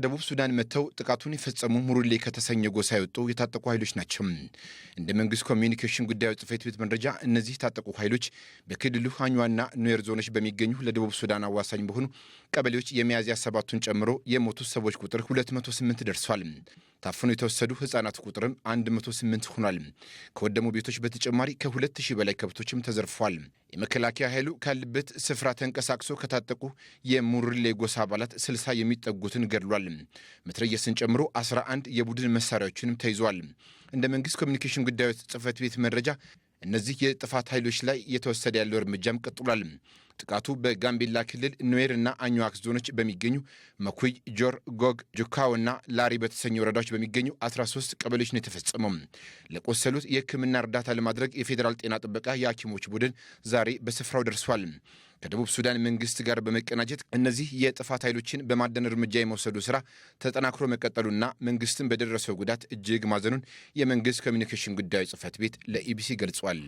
ከደቡብ ሱዳን መጥተው ጥቃቱን የፈጸሙ ሙሩሌ ከተሰኘ ጎሳ የወጡ የታጠቁ ኃይሎች ናቸው። እንደ መንግስት ኮሚዩኒኬሽን ጉዳዮች ጽሕፈት ቤት መረጃ እነዚህ የታጠቁ ኃይሎች በክልሉ አኟና ኑዌር ዞኖች በሚገኙ ለደቡብ ሱዳን አዋሳኝ በሆኑ ቀበሌዎች የሚያዝያ ሰባቱን ጨምሮ የሞቱ ሰዎች ቁጥር 208 ደርሷል። ታፍነው የተወሰዱ ህጻናት ቁጥርም 108 ሆኗል። ከወደሙ ቤቶች በተጨማሪ ከ2000 በላይ ከብቶችም ተዘርፏል። የመከላከያ ኃይሉ ካለበት ስፍራ ተንቀሳቅሶ ከታጠቁ የሙርሌ ጎሳ አባላት 60 የሚጠጉትን ገድሏል። መትረየስን ጨምሮ 11 የቡድን መሳሪያዎችንም ተይዟል። እንደ መንግስት ኮሚኒኬሽን ጉዳዮች ጽህፈት ቤት መረጃ እነዚህ የጥፋት ኃይሎች ላይ እየተወሰደ ያለው እርምጃም ቀጥሏል። ጥቃቱ በጋምቤላ ክልል ኑዌር እና አኝዋክ ዞኖች በሚገኙ መኩይ፣ ጆር፣ ጎግ፣ ጁካው እና ላሪ በተሰኙ ወረዳዎች በሚገኙ 13 ቀበሌዎች ነው የተፈጸመው። ለቆሰሉት የሕክምና እርዳታ ለማድረግ የፌዴራል ጤና ጥበቃ የሐኪሞች ቡድን ዛሬ በስፍራው ደርሷል። ከደቡብ ሱዳን መንግስት ጋር በመቀናጀት እነዚህ የጥፋት ኃይሎችን በማደን እርምጃ የመውሰዱ ስራ ተጠናክሮ መቀጠሉና መንግስትን በደረሰው ጉዳት እጅግ ማዘኑን የመንግስት ኮሚኒኬሽን ጉዳዮች ጽህፈት ቤት ለኢቢሲ ገልጿል።